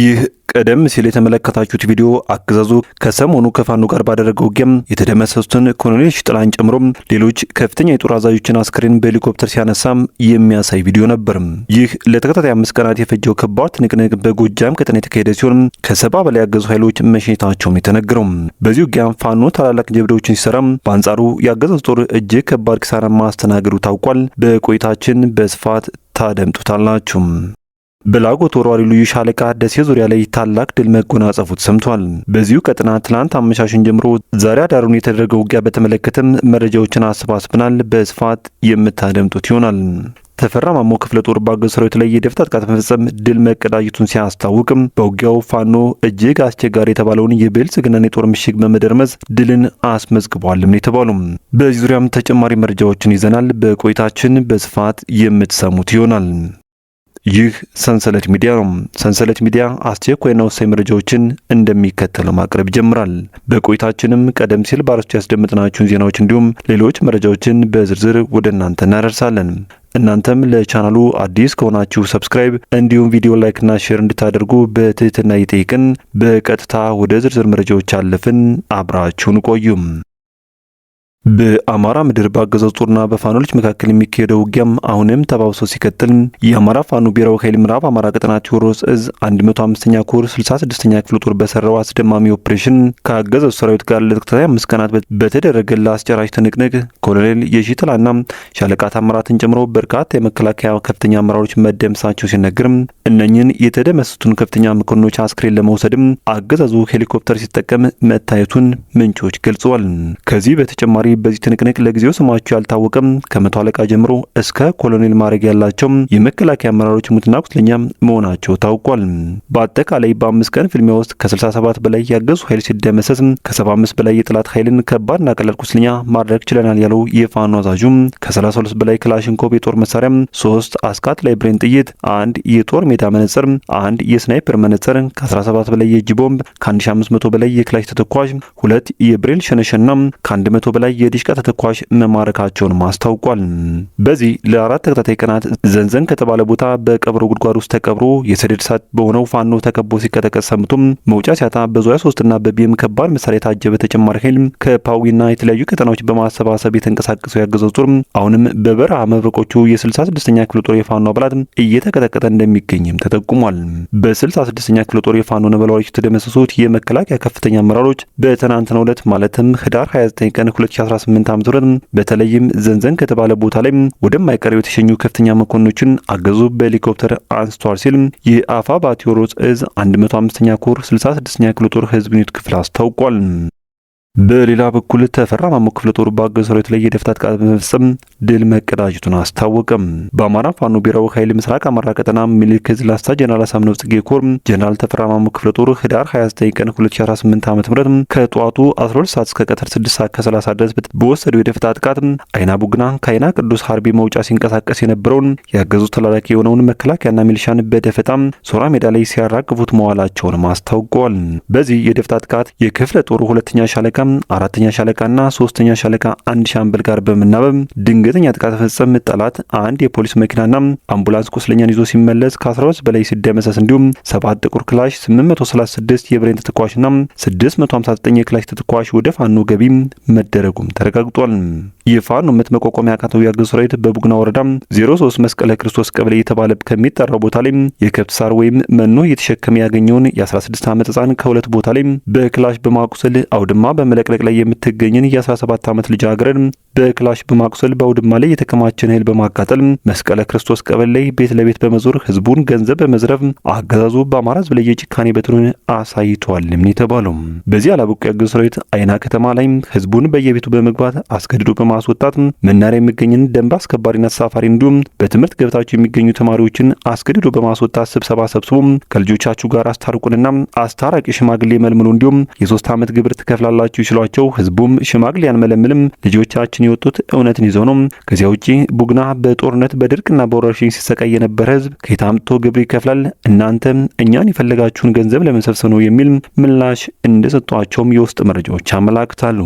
ይህ ቀደም ሲል የተመለከታችሁት ቪዲዮ አገዛዙ ከሰሞኑ ከፋኖ ጋር ባደረገው ውጊያም የተደመሰሱትን ኮሎኔል ሽጥላን ጨምሮ ሌሎች ከፍተኛ የጦር አዛዦችን አስክሬን በሄሊኮፕተር ሲያነሳም የሚያሳይ ቪዲዮ ነበር። ይህ ለተከታታይ አምስት ቀናት የፈጀው ከባድ ትንቅንቅ በጎጃም ቀጠና የተካሄደ ሲሆን ከሰባ በላይ ያገዙ ኃይሎች መሸኘታቸውም የተነገረው። በዚህ ውጊያ ፋኖ ታላላቅ ጀብዳዎችን ሲሰራም፣ በአንጻሩ ያገዛዙ ጦር እጅግ ከባድ ኪሳራ ማስተናገዱ ታውቋል። በቆይታችን በስፋት ታደምጡታላችሁ። በላጎ ወራሪ ልዩ ሻለቃ ደሴ ዙሪያ ላይ ታላቅ ድል መጎናጸፉ ሰምቷል። በዚሁ ቀጥና ትናንት አመሻሽን ጀምሮ ዛሬ አዳሩን የተደረገው ውጊያ በተመለከተም መረጃዎችን አሰባስበናል። በስፋት የምታደምጡት ይሆናል። ተፈራ ማሞ ክፍለ ጦር ባገዙ ሰራዊት ላይ የደፈጣ ጥቃት መፈጸም ድል መቀዳጀቱን ሲያስታውቅም በውጊያው ፋኖ እጅግ አስቸጋሪ የተባለውን የብልጽግናን የጦር ምሽግ በመደርመዝ ድልን አስመዝግቧልም የተባሉም። በዚህ ዙሪያም ተጨማሪ መረጃዎችን ይዘናል። በቆይታችን በስፋት የምትሰሙት ይሆናል። ይህ ሰንሰለት ሚዲያ ነው። ሰንሰለት ሚዲያ አስቸኳይና ወሳኝ መረጃዎችን እንደሚከተለው ማቅረብ ይጀምራል። በቆይታችንም ቀደም ሲል በአርዕስቱ ያስደመጥናችሁን ዜናዎች እንዲሁም ሌሎች መረጃዎችን በዝርዝር ወደ እናንተ እናደርሳለን። እናንተም ለቻናሉ አዲስ ከሆናችሁ ሰብስክራይብ እንዲሁም ቪዲዮ ላይክና ሼር እንድታደርጉ በትህትና እየጠየቅን በቀጥታ ወደ ዝርዝር መረጃዎች አለፍን። አብራችሁን ቆዩም። በአማራ ምድር በአገዛዙ ጦርና በፋኖች መካከል የሚካሄደው ውጊያም አሁንም ተባብሶ ሲቀጥል የአማራ ፋኖ ብሔራዊ ኃይል ምዕራብ አማራ ቀጠና ቴዎድሮስ እዝ 105ኛ ኮር 66ኛ ክፍለ ጦር በሰራው አስደማሚ ኦፕሬሽን ከአገዛዙ ሰራዊት ጋር ለተከታታይ አምስት ቀናት በተደረገ ለአስጨራሽ ትንቅንቅ ኮሎኔል የሺጥላና ሻለቃ ታምራትን ጨምሮ በርካታ የመከላከያ ከፍተኛ አመራሮች መደምሳቸው ሲነገርም እነኝን የተደመሰቱን ከፍተኛ መኮንኖች አስክሬን ለመውሰድም አገዛዙ ሄሊኮፕተር ሲጠቀም መታየቱን ምንጮች ገልጸዋል። ከዚህ በተጨማሪ በዚህ ትንቅንቅ ለጊዜው ስማቸው ያልታወቀም ከመቶ አለቃ ጀምሮ እስከ ኮሎኔል ማድረግ ያላቸው የመከላከያ አመራሮች ሙትና ቁስለኛ መሆናቸው ታውቋል። በአጠቃላይ በአምስት ቀን ፍልሚያ ውስጥ ከ67 በላይ ያገዙ ኃይል ሲደመሰስ ከ75 በላይ የጠላት ኃይልን ከባድና ቀላል ቁስለኛ ማድረግ ችለናል ያለው የፋኖ አዛዡም ከ32 በላይ ክላሽንኮቭ የጦር መሳሪያ፣ ሶስት አስካት ላይ ብሬን ጥይት፣ አንድ የጦር ሜዳ መነጽር፣ አንድ የስናይፐር መነጽር፣ ከ17 በላይ የእጅ ቦምብ፣ ከ1500 በላይ የክላሽ ተተኳሽ፣ ሁለት የብሬል ሸነሸና ከ100 በላይ የዲሽቃ ተተኳሽ መማረካቸውን ማስታውቋል። በዚህ ለአራት ተከታታይ ቀናት ዘንዘን ከተባለ ቦታ በቀብሮ ጉድጓድ ውስጥ ተቀብሮ የሰደድ እሳት በሆነው ፋኖ ተከቦ ሲቀጠቀጥ ሰምቶም መውጫ ሲያታ በዙ 23 እና በቢኤም ከባድ መሳሪያ የታጀበ ተጨማሪ ኃይል ከፓዊና የተለያዩ ቀጠናዎች በማሰባሰብ የተንቀሳቀሰው ያገዘው ጦር አሁንም በበረሃ መብረቆቹ የ66ኛ ክፍለ ጦር የፋኖ አባላት እየተቀጠቀጠ እንደሚገኝም ተጠቁሟል። በ66ኛ ክፍለ ጦር የፋኖ ነበልባሎች የተደመሰሱት የመከላከያ ከፍተኛ አመራሮች በትናንትናው ዕለት ማለትም ህዳር 29 ቀን 2017 2018 ዓ.ም በተለይም ዘንዘን ከተባለ ቦታ ላይ ወደማይቀረው የተሸኙ ከፍተኛ መኮንኖችን አገዙ በሄሊኮፕተር አንስቷል ሲል የአፋ ባቴዎሮስ እዝ 105ኛ ኮር 66ኛ ክፍለ ጦር ህዝብ ክፍል አስታውቋል። በሌላ በኩል ተፈራ ማሞ ክፍለ ጦር በአገዛዙ ሰራዊት ላይ የደፈጣ ጥቃት በመፈጸም ድል መቀዳጀቱን አስታወቀም። በአማራ ፋኖ ብሔራዊ ኃይል ምስራቅ አማራ ቀጠና ሚኒልክ ዕዝ ላስታ ጀነራል አሳምነው ጽጌ ኮር ጀነራል ተፈራ ማሞ ክፍለ ጦር ህዳር 29 ቀን 2018 ዓ ም ከጠዋቱ 12 ሰዓት እስከ ቀትር 6 ሰዓት ከ30 ድረስ በወሰደው የደፈጣ ጥቃት አይና ቡግና ከአይና ቅዱስ ሀርቢ መውጫ ሲንቀሳቀስ የነበረውን ያገዙ ተላላኪ የሆነውን መከላከያና ሚሊሻን በደፈጣም ሶራ ሜዳ ላይ ሲያራግፉት መዋላቸውን አስታውቀዋል። በዚህ የደፈጣ ጥቃት የክፍለ ጦሩ ሁለተኛ ሻለቃ አራተኛ ሻለቃና ሶስተኛ ሻለቃ አንድ ሻምበል ጋር በመናበብ ድንገተኛ ጥቃት ፈጸም። ጠላት አንድ የፖሊስ መኪናና አምቡላንስ ቁስለኛን ይዞ ሲመለስ ከ12 በላይ ሲደመሰስ እንዲሁም ሰባት ጥቁር ክላሽ 836 የብሬን ተተኳሽና 659 የክላሽ ተተኳሽ ወደ ፋኖ ገቢ መደረጉም ተረጋግጧል። የፋኖ ምት መቋቋሚያ አቃተው ያገዙ ሰራዊት በቡግና ወረዳ 03 መስቀለ ክርስቶስ ቀበሌ የተባለ ከሚጠራው ቦታ ላይ የከብት ሳር ወይም መኖ እየተሸከመ ያገኘውን የ16 ዓመት ህፃን ከሁለት ቦታ ላይ በክላሽ በማቁሰል አውድማ በመ በመለቅለቅ ላይ የምትገኝን የ17 ዓመት ልጃገረድ በክላሽ በማቁሰል በአውድማ ላይ የተከማችን እህል በማቃጠል መስቀለ ክርስቶስ ቀበሌ ላይ ቤት ለቤት በመዞር ህዝቡን ገንዘብ በመዝረፍ አገዛዙ በአማራ ህዝብ ላይ የጭካኔ በትኑን አሳይቷል የተባለው በዚህ አላበቁ ያገዙ ሰራዊት አይና ከተማ ላይ ህዝቡን በየቤቱ በመግባት አስገድዶ በማስወጣት መናሪያ የሚገኝን ደንብ አስከባሪና ተሳፋሪ እንዲሁም በትምህርት ገበታቸው የሚገኙ ተማሪዎችን አስገድዶ በማስወጣት ስብሰባ ሰብስቦ ከልጆቻችሁ ጋር አስታርቁንና አስታራቂ ሽማግሌ መልምሉ እንዲሁም የሶስት ዓመት ግብር ትከፍላላችሁ ሲሏቸው ህዝቡም ሽማግሌ አንመለምልም፣ ልጆቻችን የወጡት እውነትን ይዘው ነው። ከዚያ ውጪ ቡግና በጦርነት በድርቅና በወረርሽኝ ሲሰቃይ የነበረ ህዝብ ከየት አምጥቶ ግብር ይከፍላል? እናንተ እኛን የፈለጋችሁን ገንዘብ ለመሰብሰብ ነው የሚል ምላሽ እንደሰጧቸውም የውስጥ መረጃዎች አመላክታሉ።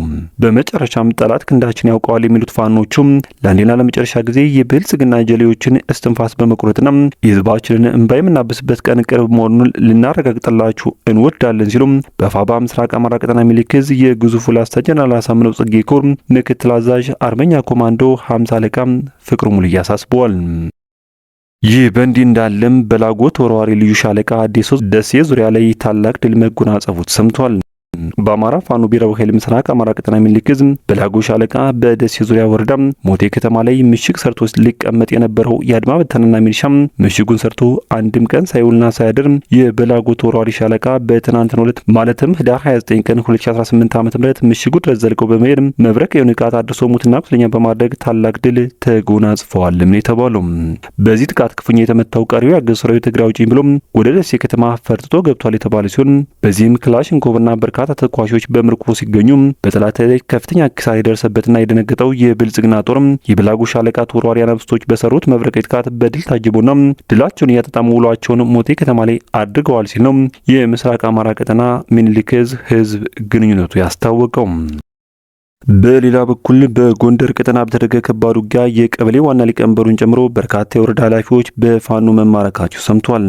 በመጨረሻም ጠላት ክንዳችን ያውቀዋል የሚሉት ፋኖቹም ለአንዴና ለመጨረሻ ጊዜ የብልጽግና ጀሌዎችን እስትንፋስ በመቁረጥና የህዝባችንን እንባ የምናብስበት ቀን ቅርብ መሆኑን ልናረጋግጥላችሁ እንወዳለን ሲሉም በፋባ ምስራቅ አማራ ቀጠና ሚሊክዝ ግዙፉ ላስታ ጀነራል አሳምነው ጽጌ ኮር ምክትል አዛዥ አርበኛ ኮማንዶ 50 አለቃ ፍቅሩ ሙሉ አሳስበዋል። ይህ በእንዲህ እንዳለም በላጎት ተወርዋሪ ልዩ ሻለቃ አዲስ ደሴ ዙሪያ ላይ ታላቅ ድል መጎናጸፉ ተሰምቷል። በአማራ ፋኖ ብሔራዊ ኃይል ምስራቅ አማራ ቀጠና ምኒልክ ዕዝ በላጎ ሻለቃ በደሴ ዙሪያ ወረዳ ሞቴ ከተማ ላይ ምሽግ ሰርቶ ሊቀመጥ የነበረው የአድማ በተናና ሚሊሻ ምሽጉን ሰርቶ አንድም ቀን ሳይውልና ሳያድር የበላጎ ተወራሪ ሻለቃ በትናንትናው ዕለት ማለትም ህዳር 29 ቀን 2018 ዓ.ም ምሽጉ ድረስ ዘልቀው በመሄድ መብረቅ የሆነ ጥቃት አድርሶ ሙትና ቁስለኛ በማድረግ ታላቅ ድል ተጎናጽፈዋል ነው የተባለው። በዚህ ጥቃት ክፉኛ የተመታው ቀሪው ያገዙ ሰራዊት ትግራይ አውጪኝ ብሎም ወደ ደሴ ከተማ ፈርጥጦ ገብቷል የተባለ ሲሆን በዚህም ክላሽንኮቭና በርካታ ተኳሾች በምርኮ ሲገኙም በጠላት ላይ ከፍተኛ ኪሳራ የደረሰበትና የደነገጠው የብልጽግና ጦርም የብላጎ ሻለቃ ተወርዋሪ አናብስቶች በሰሩት መብረቃዊ ጥቃት በድል ታጅቦና ድላቸውን እያጠጣሙ ውሏቸውን ሞቴ ከተማ ላይ አድርገዋል ሲል ነው የምስራቅ አማራ ቀጠና ምኒልክ ዕዝ ህዝብ ግንኙነቱ ያስታወቀው። በሌላ በኩል በጎንደር ቀጠና በተደረገ ከባድ ውጊያ የቀበሌ ዋና ሊቀመንበሩን ጨምሮ በርካታ የወረዳ ኃላፊዎች በፋኖ መማረካቸው ሰምቷል።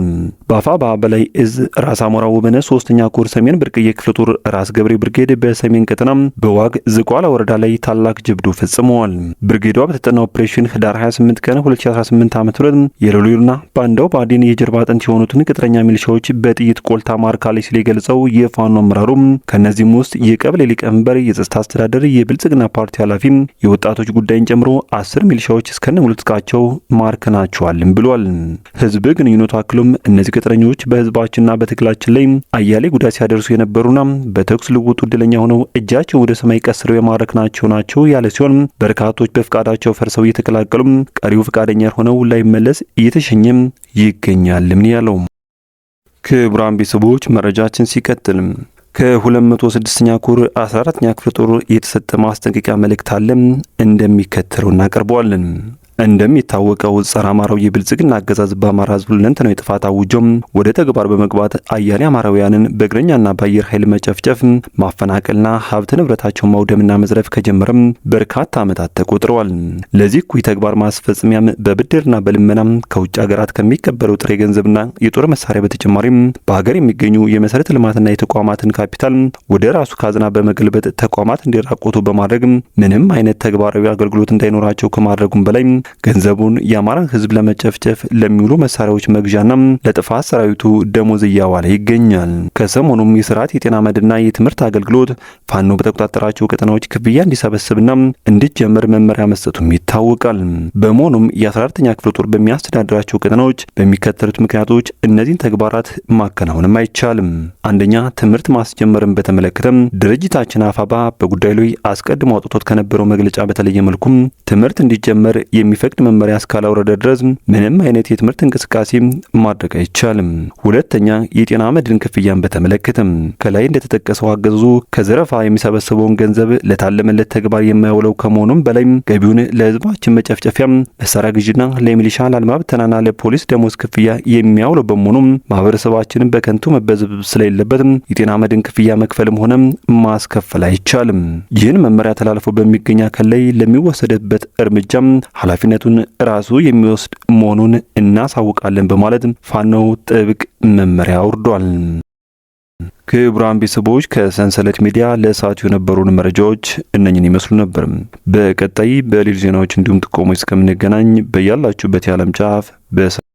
በአፋባ በላይ እዝ ራስ አሞራ ውብነህ ሶስተኛ ኮር ሰሜን ብርቅዬ ክፍለ ጦር ራስ ገብሬ ብርጌድ በሰሜን ቀጠና በዋግ ዝቋላ ወረዳ ላይ ታላቅ ጀብዱ ፈጽመዋል። ብርጌዷ በተጠና ኦፕሬሽን ህዳር 28 ቀን 2018 ዓ ም የሎሌና ባንዳው ባዴን የጀርባ አጥንት የሆኑትን ቅጥረኛ ሚሊሻዎች በጥይት ቆልታ ማርካለች ሲል የገለጸው የፋኖ አመራሩም ከእነዚህም ውስጥ የቀበሌ ሊቀመንበር፣ የጸጥታ አስተዳደር የብልጽግና ፓርቲ ኃላፊም የወጣቶች ጉዳይን ጨምሮ አስር ሚሊሻዎች እስከነ ሙሉ ትጥቃቸው ማርከናቸዋልም ብሏል። ህዝብ ግንኙነቱ አክሎም እነዚህ ቅጥረኞች በህዝባችንና በትግላችን ላይ አያሌ ጉዳት ሲያደርሱ የነበሩና በተኩስ ልውውጡ እድለኛ ሆነው እጃቸው ወደ ሰማይ ቀስረው የማረክናቸው ናቸው ያለ ሲሆን በርካቶች በፍቃዳቸው ፈርሰው እየተቀላቀሉም ቀሪው ፍቃደኛ ሆነው ላይመለስ እየተሸኘም ይገኛልም ያለው ክቡራን ቤተሰቦች መረጃችን ሲቀጥልም ከ206ኛ ኩር 14ኛ ክፍለ ጦር የተሰጠ ማስጠንቀቂያ መልእክት አለም እንደሚከተለው እናቀርበዋለን። እንደሚታወቀው ጸረ አማራው የብልጽግና አገዛዝ በአማራ ህዝብ ሁለንተናዊ ጥፋት አውጆም ወደ ተግባር በመግባት አያሌ አማራውያንን በእግረኛና በአየር ኃይል መጨፍጨፍ፣ ማፈናቀልና ሀብት ንብረታቸውን ማውደምና መዝረፍ ከጀመረም በርካታ ዓመታት ተቆጥረዋል። ለዚህ እኩይ ተግባር ማስፈጸሚያም በብድርና በልመና ከውጭ ሀገራት ከሚቀበለው ጥሬ ገንዘብና የጦር መሳሪያ በተጨማሪም በሀገር የሚገኙ የመሰረተ ልማትና የተቋማትን ካፒታል ወደ ራሱ ካዝና በመገልበጥ ተቋማት እንዲራቆቱ በማድረግ ምንም አይነት ተግባራዊ አገልግሎት እንዳይኖራቸው ከማድረጉም በላይ ገንዘቡን የአማራን ህዝብ ለመጨፍጨፍ ለሚውሉ መሳሪያዎች መግዣና ለጥፋት ሰራዊቱ ደሞዝ እያዋለ ይገኛል። ከሰሞኑም የስርዓት የጤና መድና የትምህርት አገልግሎት ፋኖ በተቆጣጠራቸው ቀጠናዎች ክፍያ እንዲሰበስብና እንዲጀምር መመሪያ መስጠቱም ይታወቃል። በመሆኑም የ14ተኛ ክፍለ ጦር በሚያስተዳድራቸው ቀጠናዎች በሚከተሉት ምክንያቶች እነዚህን ተግባራት ማከናወንም አይቻልም። አንደኛ፣ ትምህርት ማስጀመርን በተመለከተም ድርጅታችን አፋባ በጉዳዩ ላይ አስቀድሞ አውጥቶት ከነበረው መግለጫ በተለየ መልኩም ትምህርት እንዲጀመር የሚ የሚፈቅድ መመሪያ እስካላወረደ ድረስ ምንም አይነት የትምህርት እንቅስቃሴ ማድረግ አይቻልም። ሁለተኛ የጤና መድን ክፍያን በተመለከተም ከላይ እንደተጠቀሰው አገዛዙ ከዘረፋ የሚሰበስበውን ገንዘብ ለታለመለት ተግባር የማይውለው ከመሆኑም በላይ ገቢውን ለህዝባችን መጨፍጨፊያ መሳሪያ ግዥና ለሚሊሻ ለአድማ ለፖሊስ ደሞዝ ክፍያ የሚያውለው በመሆኑ ማህበረሰባችንን በከንቱ መበዘብ ስለሌለበት የጤና መድን ክፍያ መክፈልም ሆነ ማስከፈል አይቻልም። ይህን መመሪያ ተላልፎ በሚገኝ አካል ላይ ለሚወሰደበት እርምጃም ኃላፊ ኃላፊነቱን ራሱ የሚወስድ መሆኑን እናሳውቃለን በማለት ፋኖው ጥብቅ መመሪያ አውርዷል። ክቡራን ቤተሰቦች ከሰንሰለት ሚዲያ ለሰዓቱ የነበሩን መረጃዎች እነኝን ይመስሉ ነበር። በቀጣይ በሌሎች ዜናዎች እንዲሁም ጥቆሞች እስከምንገናኝ በያላችሁበት የዓለም ጫፍ በሰ